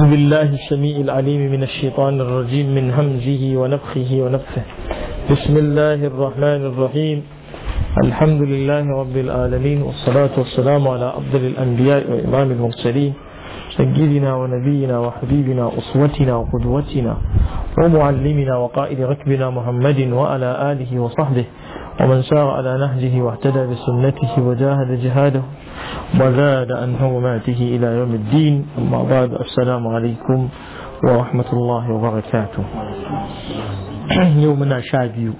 بسم الله السميع العليم من الشيطان الرجيم من همزه ونفخه ونفثه بسم الله الرحمن الرحيم الحمد لله رب العالمين والصلاة والسلام على أفضل الأنبياء وإمام المرسلين سيدنا ونبينا وحبيبنا وأسوتنا وقدوتنا ومعلمنا وقائد ركبنا محمد وعلى آله وصحبه ومن سار على نهجه واهتدى بسنته وجاهد جهاده وزاد عن حرماته إلى يوم الدين أما بعد السلام عليكم ورحمة الله وبركاته يومنا شابيو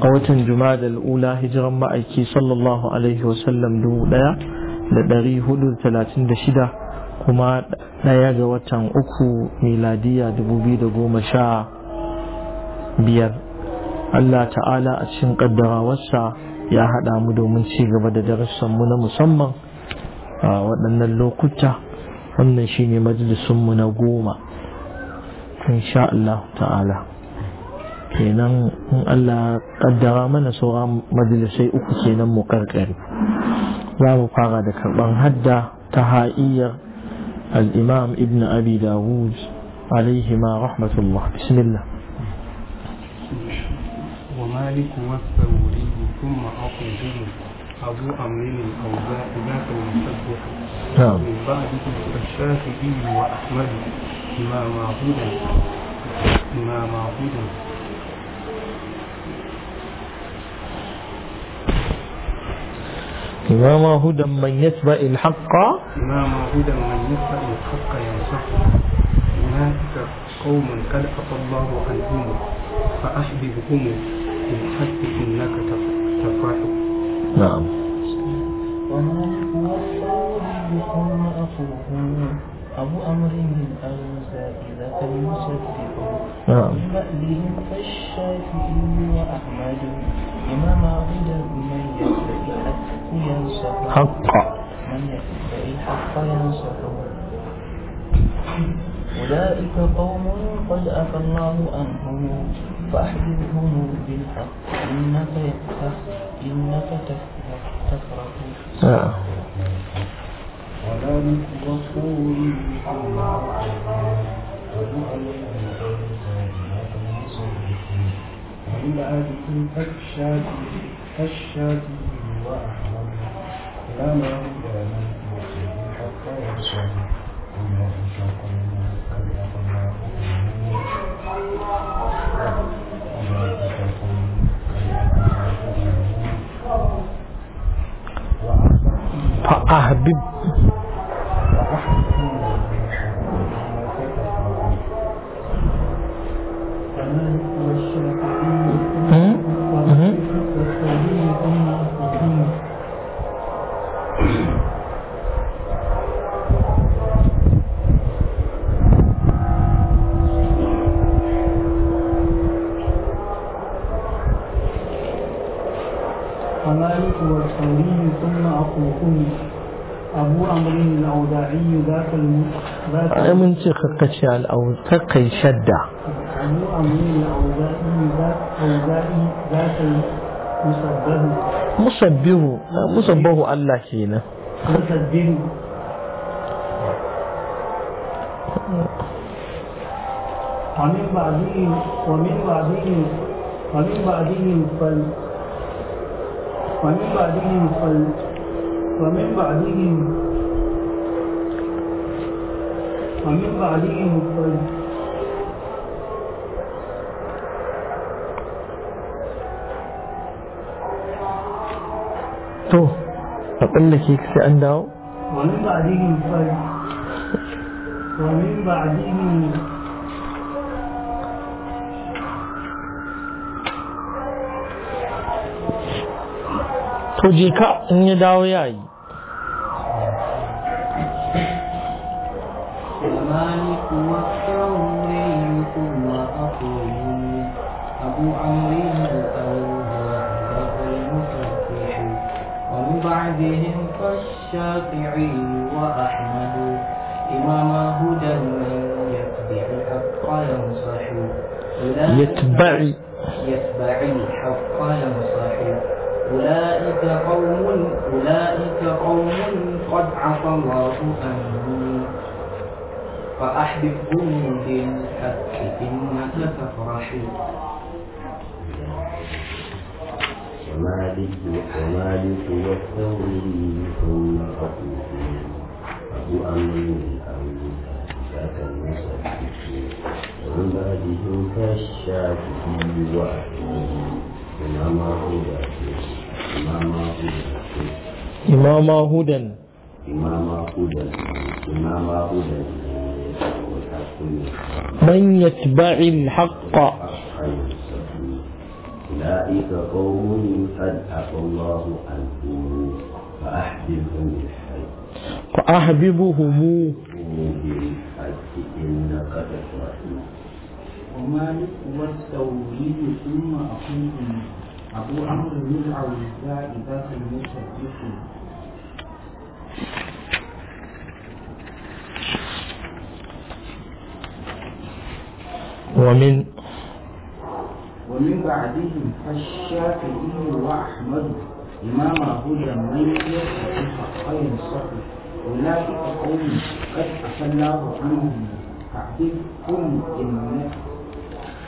a watan jumada al'ula hijiran ma'aiki sallallahu alaihi wasallam dubu daya da ɗari hudu talatin da shida kuma daya ga watan uku miladiya dubu biyu da goma sha biyar Allah ta'ala a cikin kaddarawarsa ya haɗa mu domin ci gaba da mu na musamman a waɗannan lokuta wannan shi shine majalisunmu na goma insha Allah ta'ala kenan in Allah kaddara mana sauran majalisai uku kenan mu karkare za mu fara da karɓar hadda ta ha'iyar al-imam ibn abi dawud ma rahmatullah bismillah ومالك والثوري ثم أخرجه أبو أمير أو ذاك المسبح من بعد الشافعي وأحمد ما معبودا ما معبودا إمام هدى من يتبع الحق إمام هدى من يتبع الحق ينصح هناك قوم قد عفى الله عنهم فأحببهم بالحق إنك تفعل نعم ثم أخوه أبو أمر من أرزا إذا كان يصدقه نعم بهم فالشافعي وأحمد إمام عبد من يتبع الحق ينصح حق من يتبع الحق ينصح أولئك قوم قد أفى الله أنهم فأحذرهم بالحق إنك يفتح إنك تفرح آه. وذلك رسول الله وللعادة كالشادي وأحمد لا مولى من حتى يصلي إنه شاق فأحببت ما من تلقى قتال او تلقى شدة مصبه مصبه الله هنا ومن بعدهم ومن بعدهم ومن بعدهم فل ومن بعدهم فل ومن بعدهم ومن بعدهم الظالمون to a tsallake sai an dawo wani ba'adihim fari wani ba'adihim to je ka in ya dawo yayi بعدهم كالشافعي وأحمد إماما هدى من يتبع الحق ينصح يتبع يتبع الحق ينصح أولئك قوم أولئك قوم قد عفى الله عنهم فأحببهم بالحق إنك تفرح ومالك ومالك والثوري ثم أبو أبو أمر الأمر ذاك النسب ومن بعده كالشافعي وأحمد إمام هدى إمام هدى إمام هدى إمام هدى إمام هدى من يتبع الحق أولئك قوم قد الله عنهم فأحببهم بالحج فأحببهم بالحج إنك تفرحون ومالك التوحيد ثم أقول أبو عمرو بن العوزاء ذاك المشرك ومن ومن بعدهم فالشافعي وأحمد امام ابو جميل غير صحيح أولئك قوم قد عفى الله عنهم فعبدكم جنة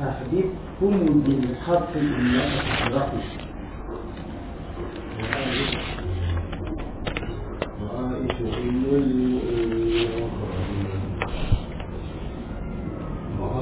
فعبد بالحق إن لا تفرقوا وعائشة أم المؤمنين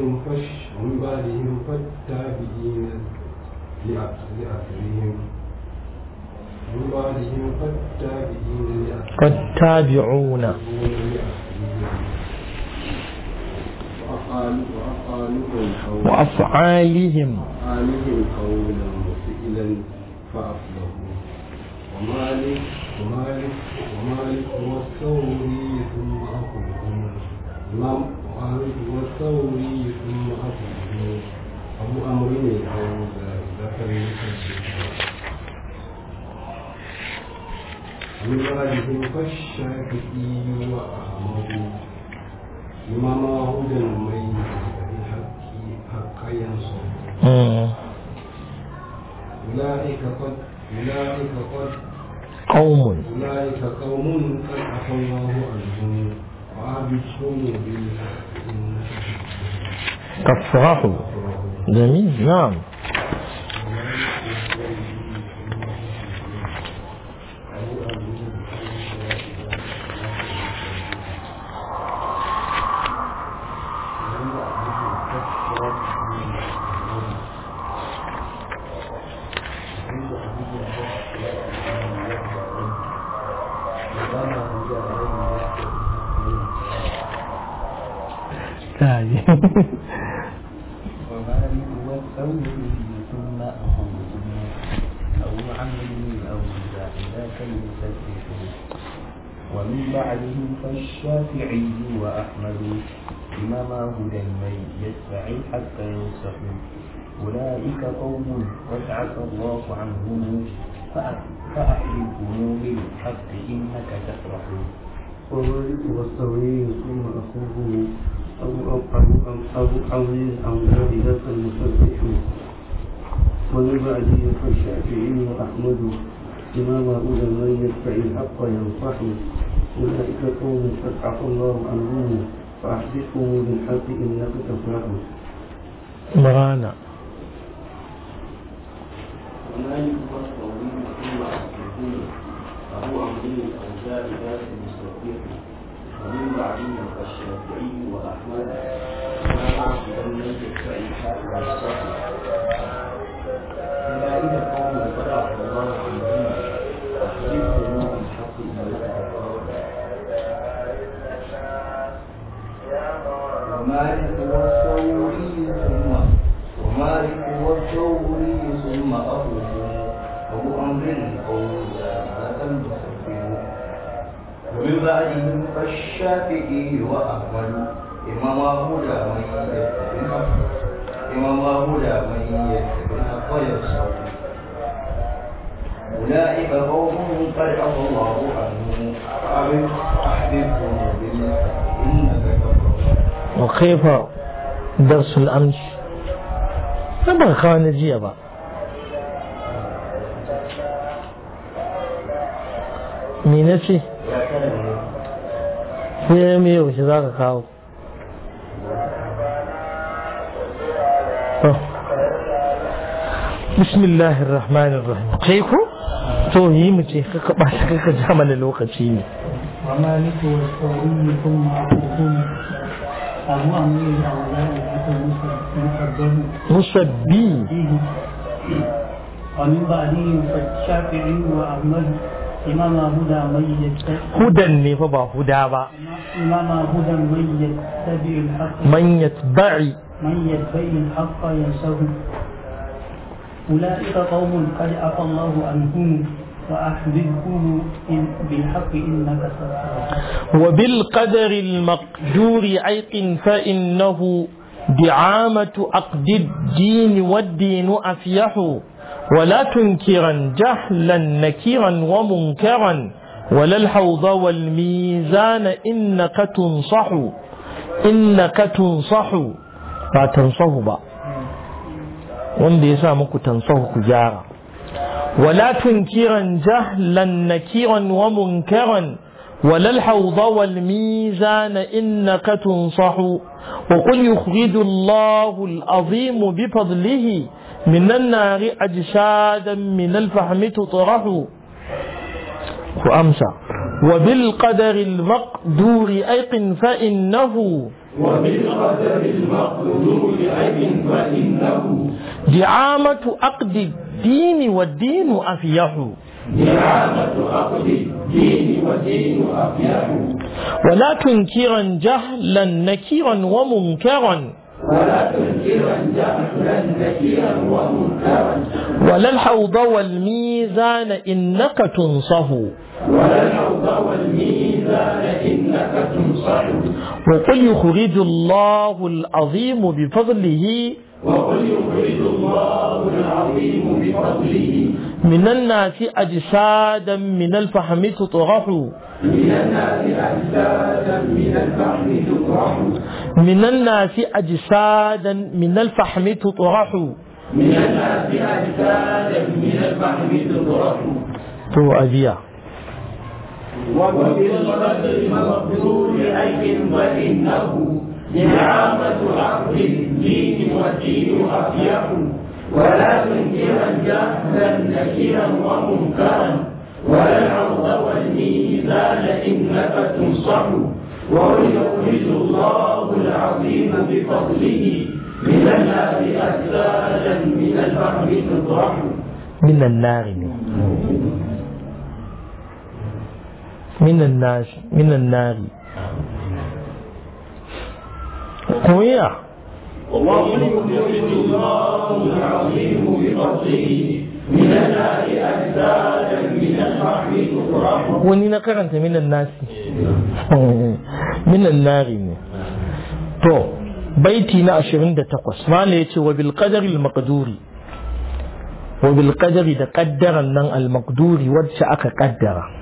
قبلهم ومن بعدهم فالتابعين لآخرهم بعدهم فالتابعين وأفعالهم وأفعالهم قولا وفعلا فأفضلوا ومالك ومالك ومالك هو ثم الخامس والثوري ثم أبو أبو أمرين ذكر من بعده فالشافعي وأحمد إمام هدى الميت بالحق حق ينصر أولئك قد أولئك قد قوم أولئك قوم قد عفى الله عنهم كالصغاح جميل نعم الثاني ومن بعدهم فالشافعي وأحمد امام هدى من يدفع حتى يستقيم أولئك قوم وسعك الله عنهم فأحبهم بالحق إنك تفرح ووالد وسويه ثم أخوه أو أو أو أو أو أو أو زائدة المسبحون ومن بعده فالشافعي وأحمد إمام أولى من يدفع الحق ينصح أولئك قوم فتحق الله عنهم فأحدثهم بالحق إنك تفلحه مرانا ومالك وصفه فهو أمري أو زائدات المسبحون ومن بعدهم الشافعي وأحمد ما يعقدن الصحيح والصحيح أولئك القوم قد الله عنهم وحفظت ما الحق الملك ومالك والثوري ثم ومالك والثوري ثم أبوه أبو أمرنا بعدهم كالشافعي وأحمد إمام هدى من يتبع الحق إمام هدى من يتبع الحق يبصر أولئك قوم قد عفى الله عنهم أعرف أحببهم إنك وكيف درس الأمس أما خان جيبا مين شيء بسم الله الرحمن الرحيم شيخو تو هي مجي كك شيخ كجا من الوقت شيء وما لك والقوم ثم عقوم أبو أمير الأولاء مصبي ومن بعدهم فالشافعي وأحمد إماما هدى من يتبع هدى با إماما هدى من يتبع الحق من يتبع من يتبع الحق ينسوه أولئك قوم قد عفى الله عنهم وأحببهم بالحق إنك سترى وبالقدر المقدور عيق فإنه دعامة عقد الدين والدين أفيح ولا تنكرا جهلا نكيرا ومنكرا ولا الحوض والميزان إنك تنصح إنك تنصح لا تنصح با wanda ya sa muku ولا تنكرا جهلا wala ومنكرا ولا الحوض والميزان إنك تنصح وقل يخرج الله العظيم بفضله من النار أجسادا من الفهم تطرح وأمسى وبالقدر المقدور أيقن فإنه وبالقدر المقدور أيقن فإنه دعامة أقد الدين والدين أفيح دعامة أقد الدين والدين أفيح ولا تنكرا جهلا نكيرا ومنكرا ولا الحوض والميزان إنك تنصه ولا الحوض والميزان إنك تنصه وقل يخرج الله العظيم بفضله وقل الله العظيم من الناس أجسادا من الفحم تطرح من الناس أجسادا من الفحم تطرح من الناس أجسادا من الفحم تطرح من الناس أجسادا من الفحم تطرح تو أذيع وبالرد مقدور أي وإنه نعامة عقل الدين والدين أفيح ولا تنكرا جهلا نكرا ومنكرا ولا العرض والميزان إنك تنصح ويخرج الله العظيم بفضله من النار أسالا من البحر تطرح من النار من الناج من النار قويا وملك يخرج الله العظيم بفضله من النار أجسادا من الرحم تخرج وني كرنت من الناس من النار تو بيتي نا 28 ما ne وبالقدر المقدور وبالقدر qadari al المقدور ودش bil قدره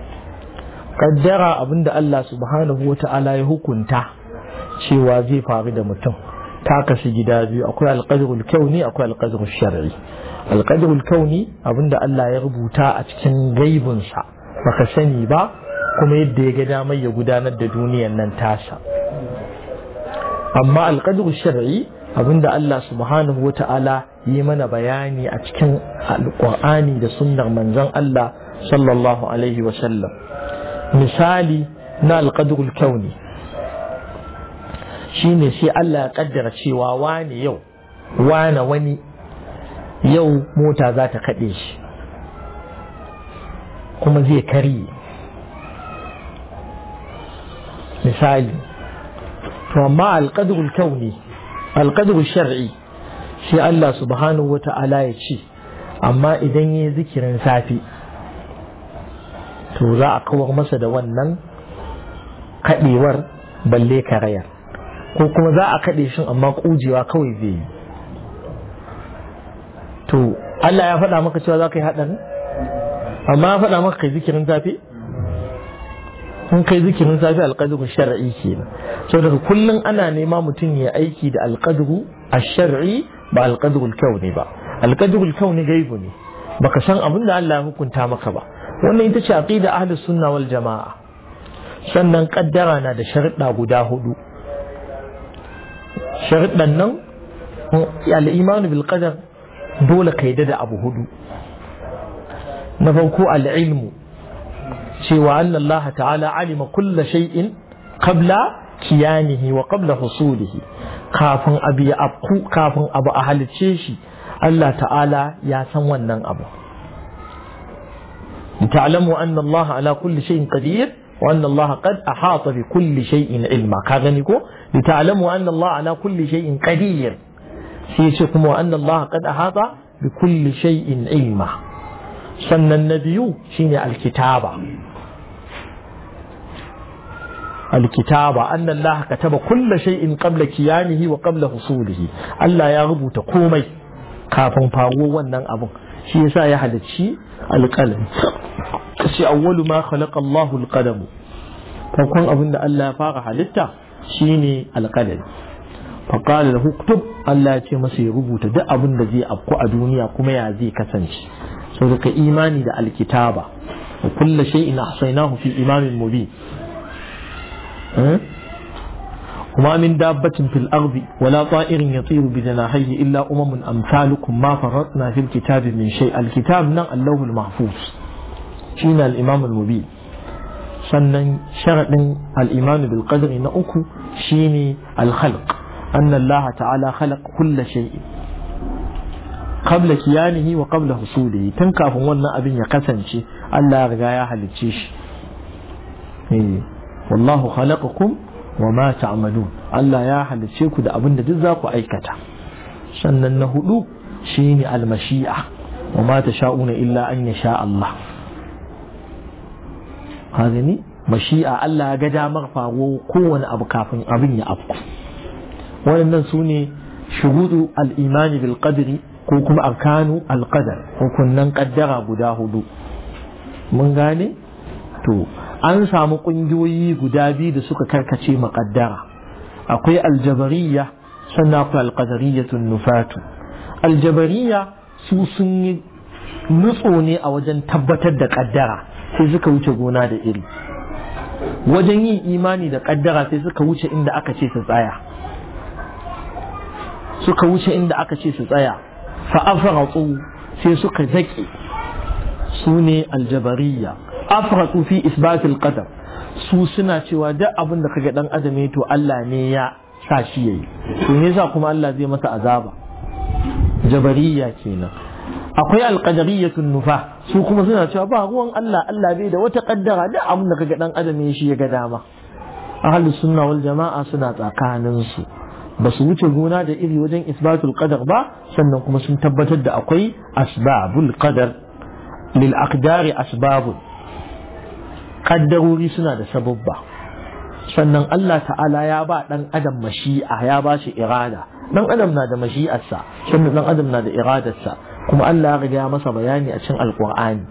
kaddara abinda Allah subhanahu wa ta'ala ya hukunta cewa zai faru da mutum ta kashe gida biyu akwai alƙadirul kyauni akwai alƙadirul shar'i alƙadirul abin abinda Allah ya rubuta a cikin gaibinsa baka sani ba kuma yadda ya ga damar ya gudanar da duniyar nan tasa amma alƙadirul shar'i abinda Allah subhanahu wa ta'ala yi mana bayani a cikin alƙur'ani da sunnar manzon Allah sallallahu alaihi wa sallam misali na alƙadurul kauni shi ne sai Allah ya ƙaddara cewa wani yau wani wani yau mota za ta kaɗe shi kuma zai karye misali to amma alƙadurul kauni alƙadurul shar'i shi Allah subhanahu wa ta'ala ya ce amma idan yi zikirin safi to za a kawar masa da wannan kaɗewar balle karayar ko kuma za a kaɗe shi amma ƙujewa kawai zai yi to Allah ya faɗa maka cewa za ka yi haɗarin amma ya faɗa maka kai zikirin safe in kai zikirin safe alƙaduru shar'i kenan so daga kullum ana nema mutum ya aiki da alƙaduru a shar'i ba alƙaduru kyau ne ba alƙaduru kyau ne gaibu ne baka san abin da Allah ya hukunta maka ba wannan ita ce aqida ahlus sunna wal jama'a sannan kaddara na da sharuɗa guda hudu sharuɗan nan al-iman bil qadar dole kai da abu hudu na farko al-ilmu cewa anna Allah ta'ala alima kulla shay'in qabla kiyanihi wa qabla husulihi kafin abu ya kafin abu a halice shi Allah ta'ala ya san wannan abu لتعلموا أن الله على كل شيء قدير وأن الله قد أحاط بكل شيء علما كاغنيكو لتعلموا أن الله على كل شيء قدير سيشكم وأن الله قد أحاط بكل شيء علما سن النبي شين الكتابة الكتابة أن الله كتب كل شيء قبل كيانه وقبل حصوله ألا يغبو تقومي كافن فاغو ونن أبو shi yasa ya halicci alƙalam kace awwalu ma khalaqa Allahu alqalam farkon abin da Allah ya fara halitta shine alqalam fa qala lahu kutub Allah ya ce masa ya rubuta duk abin da zai afku a duniya kuma ya zai kasance saboda ka imani da alkitaba wa kullu shay'in ahsaynahu fi imamin mubin وما من دابة في الأرض ولا طائر يطير بجناحيه إلا أمم أمثالكم ما فرطنا في الكتاب من شيء الكتاب نعم اللوح المحفوظ شين الإمام المبين سنن شرط الإيمان بالقدر نأكو شيني الخلق أن الله تعالى خلق كل شيء قبل كيانه وقبل حصوله تنكا فمونا أبن يقسنشي الله رجايا حلتشيش إيه. والله خلقكم wa ma ta'malun Allah ya halice ku da abin da duk za ku aikata sannan na hudu shine almashi'a wa ma tasha'una illa an yasha Allah hazini mashi'a Allah ya ga damar faruwa kowane abu kafin abin ya afku waɗannan sune ne shuruɗu al bil qadri ko kuma arkanu al qadar hukunnan kaddara guda hudu mun gane to an samu ƙungiyoyi guda biyu da suka karkace maƙaddara akwai aljabariya sannan akwai alƙadariyatun nufatu aljabariya su sun yi nutso ne a wajen tabbatar da ƙaddara sai suka wuce gona da iri wajen yin imani da ƙaddara sai suka wuce inda aka ce su tsaya suka wuce inda aka ce su tsaya fa'afaratsu sai suka zaƙe su ne aljabariya afratu fi isbatil qadar su suna cewa duk abin da kaga dan adam to Allah ne ya sa shi yayi to ne yasa kuma Allah zai masa azaba jabariya kenan akwai alqadariyatun nufa su kuma suna cewa ba ruwan Allah Allah bai da wata kaddara duk abin da kaga dan adam shi ya ga dama ahlus sunna wal jama'a suna tsakanin su ba su wuce gona da iri wajen isbatul qadar ba sannan kuma sun tabbatar da akwai asbabul qadar lil aqdari asbabun kaddarori suna da sababba sannan Allah ta'ala ya ba dan adam mashi'a ya ba shi irada dan adam na da mashi'arsa sannan dan adam na da iradarsa kuma Allah ya riga masa bayani a cikin alqur'ani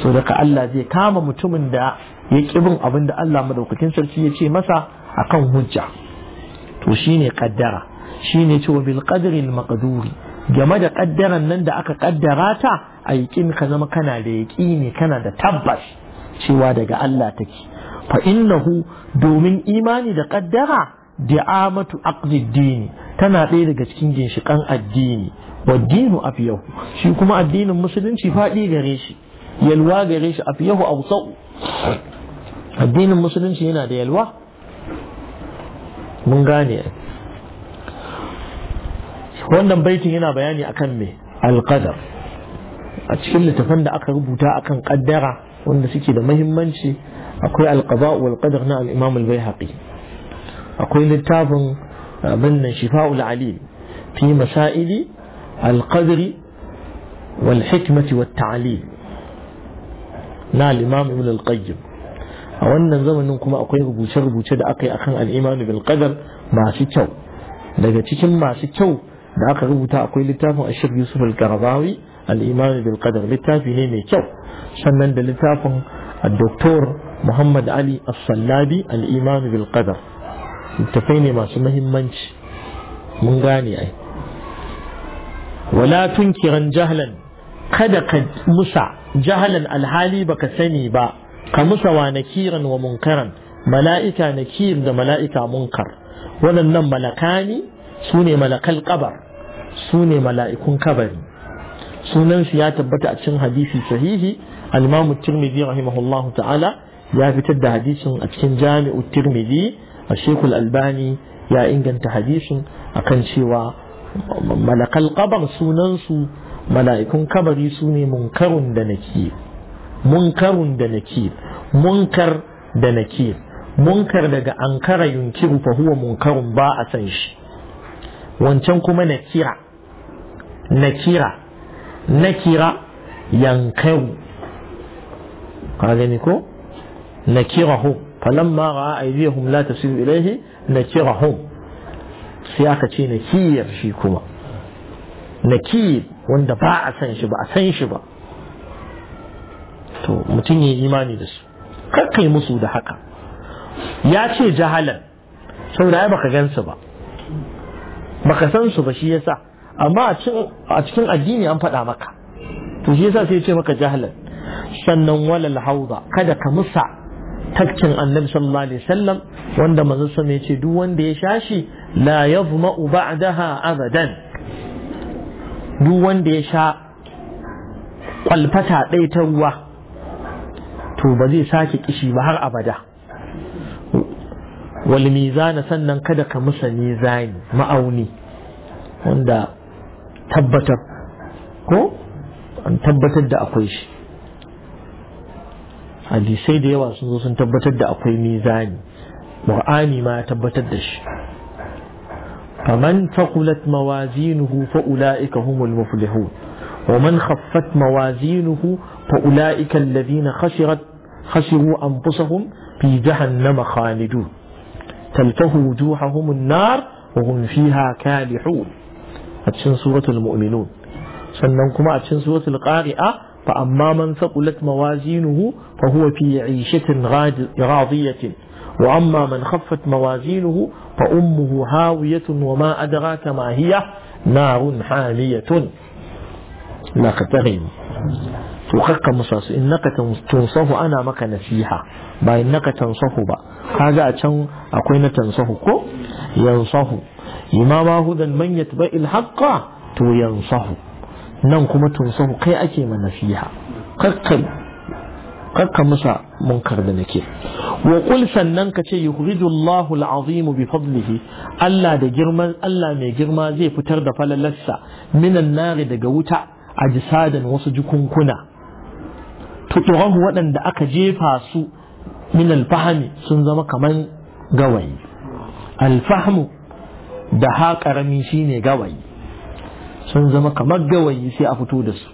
so daga Allah zai kama mutumin da ya ƙi bin abin da Allah madaukakin sarki ya ce masa akan hujja to shine kaddara shine cewa bil qadri al maqduri game da kaddaran nan da aka kaddara ta a ka zama kana da yaƙini kana da tabbas cewa daga Allah take fa innahu domin imani da kaddara di'amatu aqdi dini tana ɗaya daga cikin ginshiƙan addini wa dinu afiyahu shi kuma addinin musulunci faɗi gare shi yalwa gare shi afiyahu awsau addinin musulunci yana da yalwa mun gane wannan baitin yana bayani akan me alqadar a cikin littafin da aka rubuta akan kaddara wanda suke da mahimmanci akwai alqada wal qadar na al-imam al-baihaqi akwai littafin abin nan shifa'ul alil fi masaili al-qadri wal hikmati wat ta'lil na al-imam ibn al-qayyim a wannan zamanin kuma akwai rubuce-rubuce da aka yi akan al-imam bil qadar masu kyau daga cikin masu kyau da aka rubuta akwai littafin ashir yusuf al-karabawi al-imam bil qadar littafi ne mai kyau sannan da littafin Dr. Muhammad Ali As-Sallabi Al-Iman bil Qadar littafai ne masu muhimmanci mun gane ai wala tunkiran jahlan kada ka musa jahalan alhali baka sani ba ka musa wa nakiran wa munkaran mala'ika nakir da mala'ika munkar waɗannan malakani su ne malakal kabar su ne mala'ikun kabari sunansu ya tabbata a cikin hadisi sahihi al-imam at-tirmidhi ta'ala ya fitar da hadisin a cikin jami'u tirmidhi a shekul albani ya inganta hadisin akan cewa malakal kabar sunansu mala'ikun kabari su ne munkarun da nakir munkarun da nakir munkar da nakir munkar daga ankara yunkiru fa huwa munkarun ba a san shi wancan kuma nakira nakira nakira ka gani ko nakirahum falamma ra'a aydihum la tasilu ilayhi nakirahum sai aka ce nakiyar shi kuma nakir wanda ba a san ba a san ba to mutum yi imani da su kakkai musu da haka ya ce jahalan saboda ai baka gansu ba baka san su ba shi yasa amma a cikin addini an faɗa maka to shi yasa sai ya ce maka jahalan sannan walal hauda kada ka musa tafkin annabi sallallahu alaihi wasallam wanda manzo ya ce duk wanda ya shashi la yazma ba'daha abadan duk wanda ya sha kwalfata ɗaya ta ruwa to ba zai sake kishi ba har abada wal mizana sannan kada ka musa mizani ma'auni wanda tabbatar ko an tabbatar da akwai shi hadisai da yawa sun zo sun tabbatar da akwai mizani qur'ani ma ya tabbatar da shi faman faqulat mawazinuhu fa ulaika humul muflihun ومن خفت موازينه فأولئك الذين خسرت خسروا أنفسهم في جهنم خالدون تلته وجوههم النار وهم فيها كالحون أتشن سورة المؤمنون سننكم أتشن سورة القارئة فأما من ثقلت موازينه فهو في عيشة راضية وأما من خفت موازينه فأمه هاوية وما أدراك ما هي نار حامية لا تغيم وكك مصاص إنك تنصف أنا مك نسيحة با إنك تنصف با هذا أتشن أكوين تنصف كو ينصف إمام هدى من يتبع الحق تو ينصف nan kuma tunsahu kai ake ma nasiha kakkan musa munkar da nake wa qul sannan kace yukhrijul Allahu bi fadlihi Allah da girman Allah mai girma zai fitar da falalarsa minan nari daga wuta a ajsadan wasu jukunkuna tuturahu waɗanda aka jefa su min alfahami sun zama kaman gawayi alfahmu da ha karami shine gawayi sun zama kamar gawayi sai a fito da su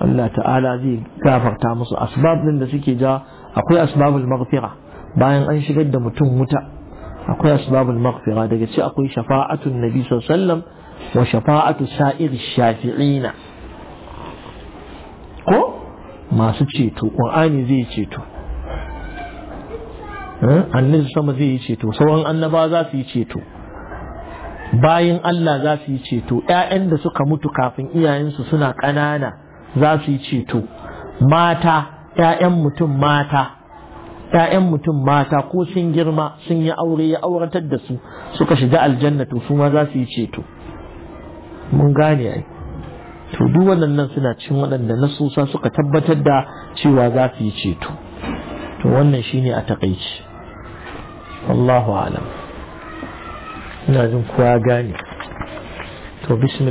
Allah ta'ala zai gafarta musu asbab da suke ja akwai asbabul maghfira bayan an shigar da mutum wuta akwai asbabul maghfira daga ci akwai shafa'atun nabi sallallahu wa shafa'atu sa'ir shafi'ina ko masu ceto qur'ani zai ceto eh? annabi sama zai yi ceto sauran annaba za su yi ceto bayin Allah za su yi ceto ‘ya'yan da suka mutu kafin iyayensu suna ƙanana za su yi ceto mata ‘ya'yan mutum mata ‘ya'yan mutum mata ko sun girma sun yi aure ya auratar da su suka shiga aljanna to su ma za su yi ceto mun gane ai to duk waɗannan suna cin waɗanda na nasusa suka tabbatar da cewa za su yi ceto to wannan shine a takaici Allahu alam ina jin kowa gane to